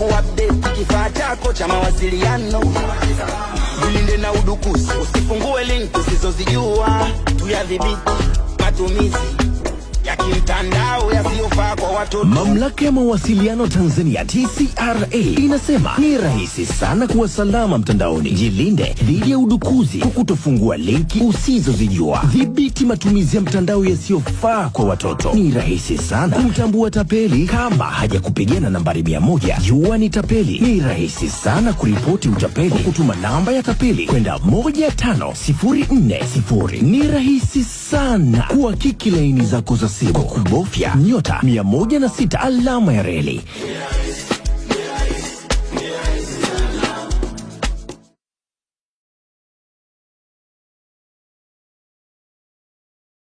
kuupdate kifaa chako cha mawasiliano. Jilinde na udukuzi, usifungue link usizozijua, tuyadhibiti matumizi ya kimtandao kwa watoto. Mamlaka ya mawasiliano Tanzania TCRA inasema ni rahisi sana kuwa salama mtandaoni. Jilinde dhidi ya udukuzi kwa kutofungua linki usizozijua. Dhibiti matumizi ya mtandao yasiyofaa kwa watoto. Ni rahisi sana kumtambua tapeli kama hajakupigia na nambari mia moja. Jua ni tapeli. Ni rahisi sana kuripoti utapeli kwa kutuma namba ya tapeli kwenda moja tano sifuri nne sifuri. Ni rahisi sana kuhakiki laini zako za simu kwa kubofya nyota mia 106 alama ya reli.